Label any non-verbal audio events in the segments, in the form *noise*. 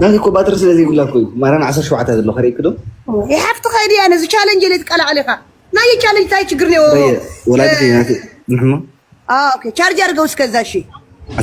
ናተይ ኮ ባትሪ ስለ ዘይብላ ኮይኑ ማርያም ዘሎ ከርእይክ ዶ ይሓፍቲ ከይዲ ኣነ እዚ ቻለንጅ የለ ትቃላዕለ ኢኻ ናይ ቻለንጅ ታይ ችግር ኔዎ ወላድ ንሕማ ቻርጅ ኣርገው እስከዛ እሺ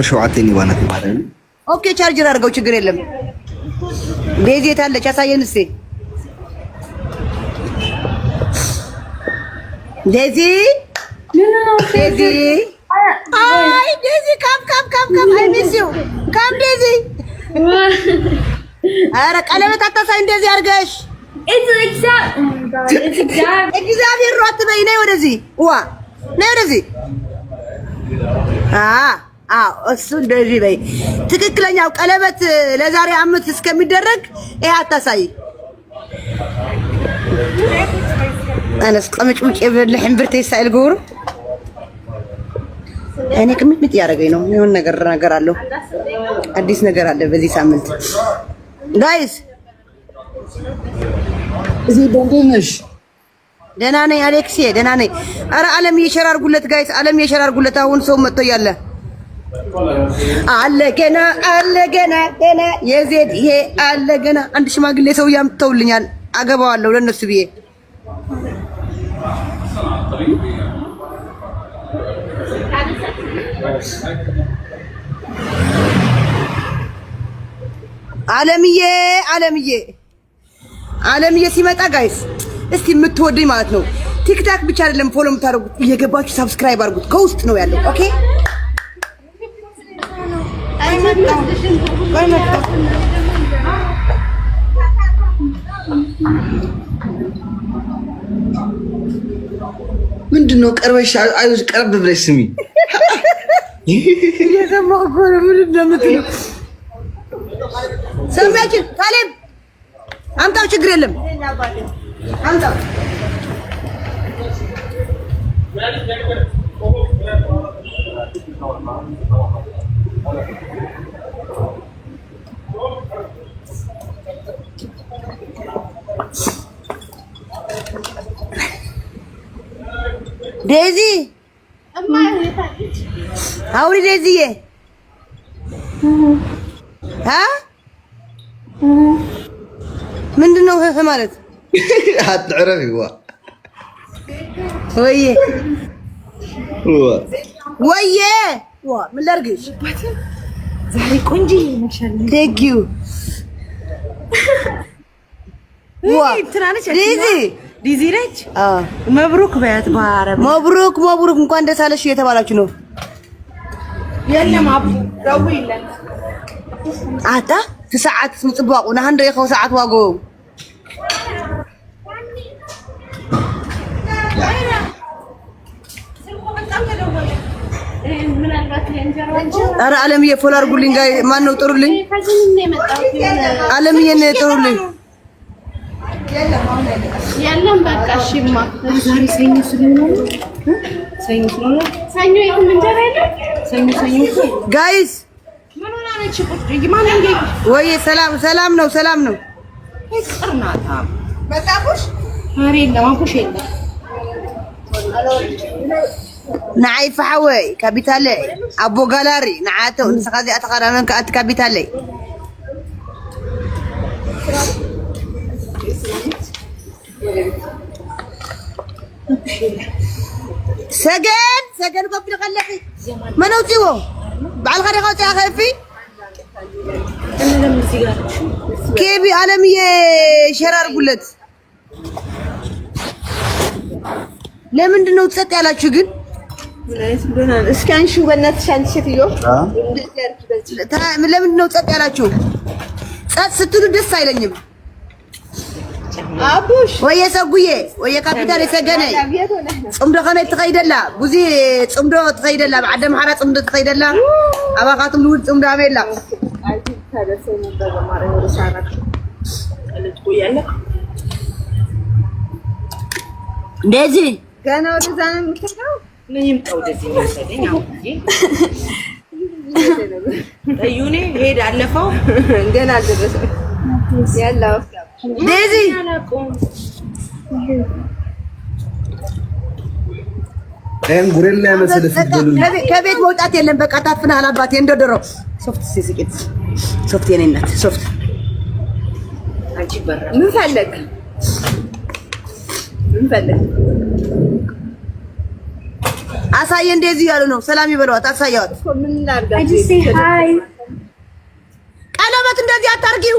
17 ኔዋ ናት ማለት ኦኬ ቻርጅር ኣርገው ችግር የለም ቤዚ የት አለች እስቲ ዴዚ ዴዚ አይ ዴዚ ካም ካም ካም ካም አይ ሚስ ዩ ካም ዴዚ ኧረ ቀለበት አታሳይ እንደዚህ አድርገሽ oh እግዚአብሔር ነው አትበይ። ነይ ወደዚህ ዋ ነይ ወደዚህ እሱ እንደዚህ በይ። ትክክለኛው ቀለበት ለዛሬ አመት እስከሚደረግ ይሄ አታሳይ። አነስ ቀምጭ ውጭ ብልሕን ብርተይሳ ኢልግብሩ እኔ ቅምጥምጥ እያደረገኝ ነው። የሆነ ነገር ነገር አለው አዲስ ነገር አለ በዚህ ሳምንት ጋይስ። እዚህ ደህና ነሽ? ደህና ነኝ አሌክሴ፣ ደህና ነኝ። አረ አለም የሸራ አድርጉለት ጋይስ፣ አለም የሸራ አሁን ሰው መጥቶ እያለ አለ ገና አለ ገና ገና የዜድ ይሄ አለ ገና አንድ ሽማግሌ ሰው ያምተውልኛል። አገባዋለሁ ለነሱ ብዬ አለምዬ አለምዬ አለምዬ ሲመጣ ጋይስ እስቲ የምትወደኝ ማለት ነው። ቲክታክ ብቻ አይደለም ፎሎ የምታደርጉት እየገባችሁ ሳብስክራይብ አድርጉት። ከውስጥ ነው ያለው። ኦኬ ምንድን ነው? ቀርበሽ ቀረብ ብለሽ ስሚ Yeter bak böyle böyle anlatayım. ሰማችን ታሌም አምጣው፣ ችግር የለም Daisy. Amma. አውሪ ለዚዬ አ ምንድን ነው እህ ማለት አትዕረፊዋ ወይዬ ወይዬ ምን ላድርግሽ ዛሬ ቆንጆ ደጊው ዲዚ ነች መብሩክ በያት መብሩክ መብሩክ እንኳን ደስ አለሽ እየተባላችሁ ነው የለም አቡ ደው ይለን ኣታ ትሰዓት ምፅባቁ ናሃንዶ ይኸው ሰዓት ዋጎ ኧረ አለምዬ ፎሎ አድርጉልኝ። ጋይ ማነው ጥሩልኝ። አለምዬን ጥሩልኝ። የለም በቃ እሺማ ሰኞ ስለሆነ ሰኞ ይሁን እንጀራ የለም። ሰኞ ሰኞ ጋይስ ምን ሆና ነች? ወይ ሰላም ሰላም ነው፣ ሰላም ነው። ፍቅር ናታ መጣኩሽ። ኧረ የለም አንኩሽ የለም። ንዓይ ፈሓወይ ካቢታለይ ኣቦ ጋላሪ ንዓቶ ንስኻ እዚኣ ተኸዳነን ከኣቲ ካቢታለይ ሰገን ሰገን ገቢሉ ከለኺ መን ኣውፅዎ በዓልካ ዲኻ ወፂኻ ከፊ ኬቢ ኣለምየ ሸራ ኣርጉለት ለምንድን ነው ጸጥ ያላችሁ ግን? እስኪ አንሺው በእናትሽ አንቺ ሴትዮ ለምንድን ነው ጸጥ ያላችሁ? ጸጥ ስትሉ ደስ አይለኝም። ወየ ሰጉዬ ወየ ካፒታል የሰገነ ፅምዶ ከመይ ትኸይደላ ጉዚ ፅምዶ ትኸይደላ ብዓደ ምሓራ ፅምዶ ትኸይደላ ኣባኻትም ልውድ ፅምዶ ኣመይ ኣላ ገና ወደዛ ነው የምትሄደው? ጠዩኔ ሄድ አለፈው ገና አልደረሰም ያለው ዴዚ ከቤት መውጣት የለም። በቃ ታፍናሃል አባቴ እንደ ሶፍት ሲስቂት ሶፍት የኔ እናት ሶፍት ምን ፈለግ ምን ፈለግ አሳየ እንደዚህ ያሉ ነው። ሰላም ይበለዋት አሳየዋት ቀለበት እንደዚህ አታርጊው።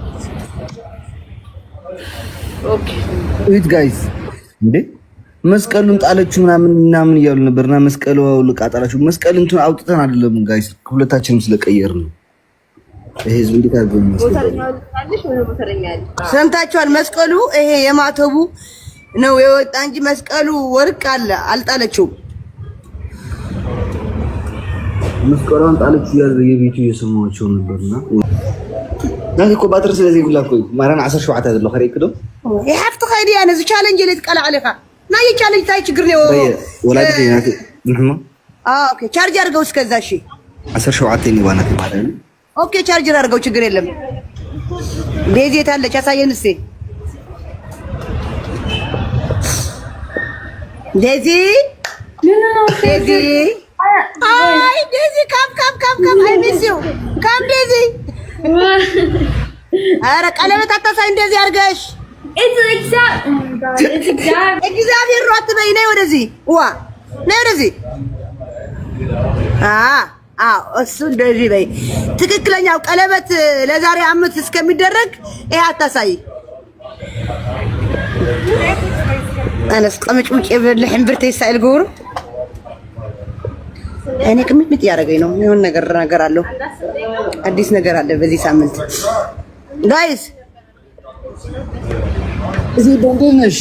ኦኬ ጋይስ እንዴ መስቀሉን ጣለች ምናምን ምናምን እያሉ ነበርና መስቀሉ ልቃ ጣላችሁ። መስቀል እንትን አውጥተን አይደለም ጋይስ፣ ሁለታችንም ስለቀየር ነው። ህዝብ እንዴት አድርገን ሰምታችኋል። መስቀሉ ይሄ የማተቡ ነው የወጣ እንጂ መስቀሉ ወርቅ አለ አልጣለችውም። መስቀሏን ጣለች እያለ የቤቱ እየሰማቸው ነበርና ናት እኮ ባትሪ ስለዚህ ብላ ማራን ማርያም ዓሰርተ ሸውዓተ ዘሎ ከሪክዶ የሓፍቲ ከይዲ እያ ነዚ ቻለንጅ የለ ትቀላዕለ ኢኻ ናይ ቻለንጅ እንታይ ችግር ነ ቻርጅ አድርገው እስከዛ እሺ ዓሰርተ ሸውዓተ ባናት ይባሃል ኦኬ ቻርጅር አድርገው ችግር የለም ቤዚ የት አሳየን እስኪ ዴዚ ዴዚ አይ ዴዚ ካም ካም ካም ካም አይ ሚስ ዩ ካም ዴዚ ኧረ ቀለበት አታሳይ እንደዚህ አድርገሽ Oh *laughs* እግዚአብሔር ሯት በይ ነይ ወደዚህ ዋ ነይ ወደዚህ እሱ እንደዚህ በይ። ትክክለኛው ቀለበት ለዛሬ አመት እስከሚደረግ ይሄ አታሳይ አነስ ቅምጭምጭ የብልሕ እምብርተ ይሳኤል ግብሩ እኔ ቅምጭምጭ እያደረገኝ ነው። የሆነ ነገር ነገር አለው አዲስ ነገር አለ በዚህ ሳምንት ጋይስ እዚህ ደንደል ነሽ?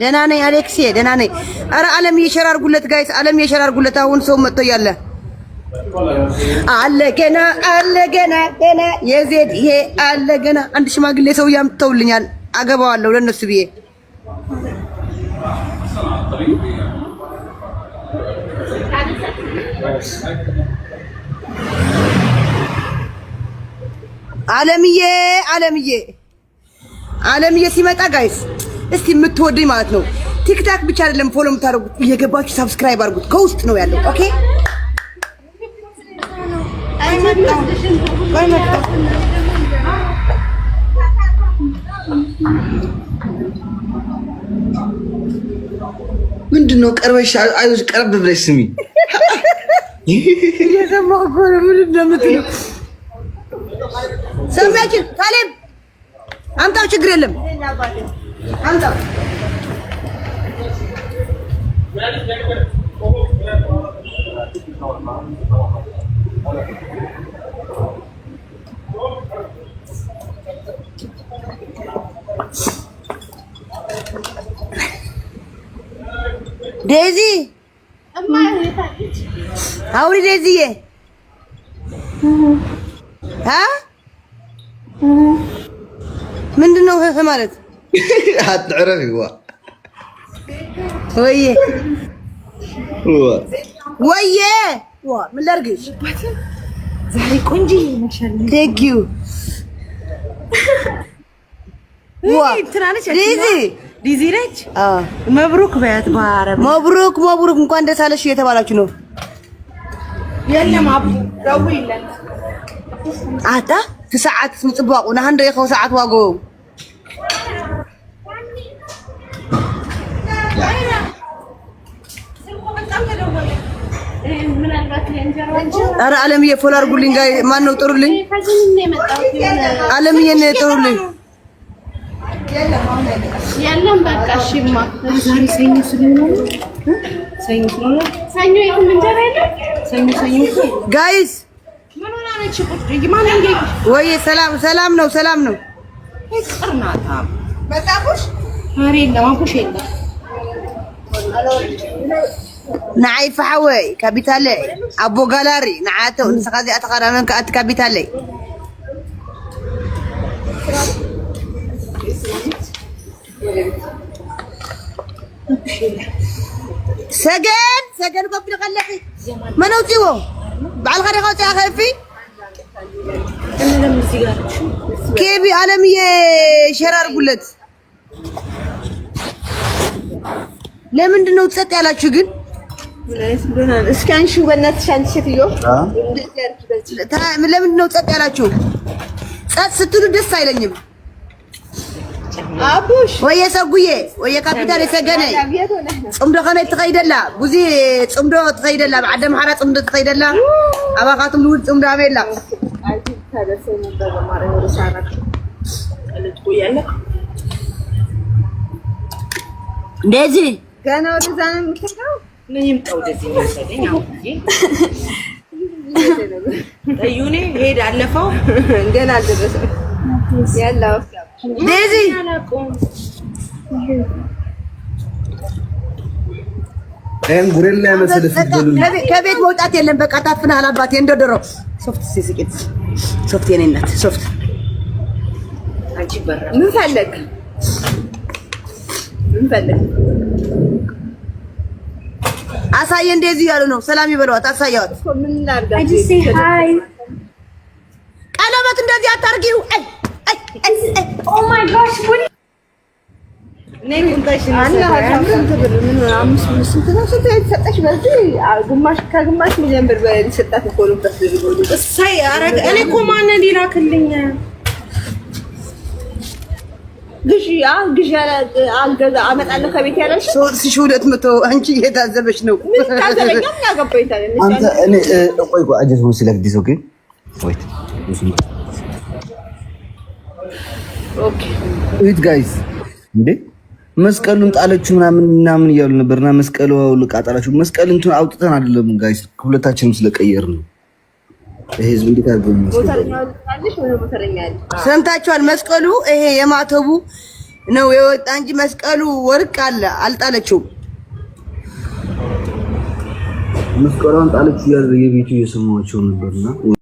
ደህና ነኝ አሌክሴ፣ ደህና ነኝ። አረ አለም የሸር ጋይስ፣ አለም የሸር አሁን ሰው መጥቶ እያለ አለ ገና አለ ገና ገና የዜድ ይሄ አለ ገና አንድ ሽማግሌ ሰው ያምጥተውልኛል። አገባዋለሁ ለነሱ ብዬ አለምዬ አለምዬ አለምዬ ሲመጣ ጋይስ እስቲ የምትወደኝ ማለት ነው። ቲክታክ ብቻ አይደለም ፎሎ የምታደርጉት እየገባችሁ ሰብስክራይብ አድርጉት። ከውስጥ ነው ያለው። ኦኬ ምንድን ነው ቀርበሽ አይዞሽ፣ ቀረብ ብለሽ ስሚ። እየሰማሁ እኮ ነው። ምን እንደምትለው ሰሚያችን ካሌብ አንታው ችግር የለም አንታው ዴዚ አውሪ ዴዚዬ አ ምንድን ነው ህህ ማለት? አትዕረፍ ይዋ ወየ ወየ ምን ላድርግሽ? ዛሬ ቆንጆ ደጊው ዲዚ ነች። መብሩክ በያት በአረብ መብሩክ መብሩክ፣ እንኳን ደስ አለሽ እየተባላችሁ ነው። የለም አቡ ደውዪለት አታ እቲ ሰዓት ምፅባቑ ንሃንደኢኸው ሰዓት ዋግኡ ኧረ አለምዬ ፎሎ አድርጉልኝ። ጋይ ማነው ጥሩልኝ፣ አለምዬ ጥሩልኝ። ያለም በቃ እሺማ፣ ጋይስ ወይ ሰላም ሰላም ነው፣ ሰላም ነው። ንዓይ ፋሕወይ ካቢታለይ ኣቦ ጋላሪ ንዓቶ ንስኻ እዚኣ ተቐዳመን ከኣት ካቢታለይ ሰገን ሰገን ጎብሊ ቀለሒ መን ኣውፅዎ በዓልኻ ዲኻ ውፅኢኻ ከፊ ኬቢ አለምዬ ሼር አድርጉለት። ለምንድን ነው ጸጥ ያላችሁ ግን? እስኪ አንቺ በእናትሽ አንቺ ሴትዮ ለምንድን ነው ጸጥ ያላችሁ? ጸጥ ስትሉ ደስ አይለኝም። አቡሽ ወየ ሰጉዬ ወየ ካፒታል የሰገነ ጽምዶ ከመይ ትኸይደላ ብዙ ፅምዶ ትኸይደላ ብዓደ ምሓራ ጽምዶ ትኸይደላ ኣባኻትም ልውል ፅምዶ ኣበየላ ታደርሰኝ ነበር። በማረ ወደ ሰዓት ልትቆያለህ እንደዚህ ገና ወደዛ ነው የምትሄደው። ምን ይምጣው ወደዚህ የሚወሰደኝ አሁን ጠዩኔ ሄድ አለፈው ገና አልደረሰም ያለው ዴዚ ከቤት መውጣት የለም። በቃ ታፍናሃል አባቴ እንደ ድሮ ሶፍት ሲስቂት ሶፍት የኔ እናት ሶፍት ምን ፈለግ ምን ፈለግ አሳየ እንደዚህ ያሉ ነው። ሰላም ይበለዋት አሳየዋት ቀለበት እንደዚህ አታርጊው። oh ከግማሽ ሚሊዮን ብር ሰጣት እኮ ነው። እኔ እኮ ማነው ሊላክልኝ ግዢ አመጣለሁ ከቤት ያለሽ ሦስት ሺህ ሁለት መቶ አንቺ እየታዘበች ነው። ቆይ መስቀሉን ጣለችው ምናምን ምናምን እያሉ ነበርና መስቀል ልቃ መስቀል እንትን አውጥተን አይደለም ጋይስ፣ ሁለታችንም ስለቀየር ነው። ህዝብ እንዴት ሰምታችኋል። መስቀሉ ይሄ የማተቡ ነው የወጣ እንጂ መስቀሉ ወርቅ አለ አልጣለችውም። መስቀሏን ጣለች ያዘ የቤቱ እየሰማቸው ነበርና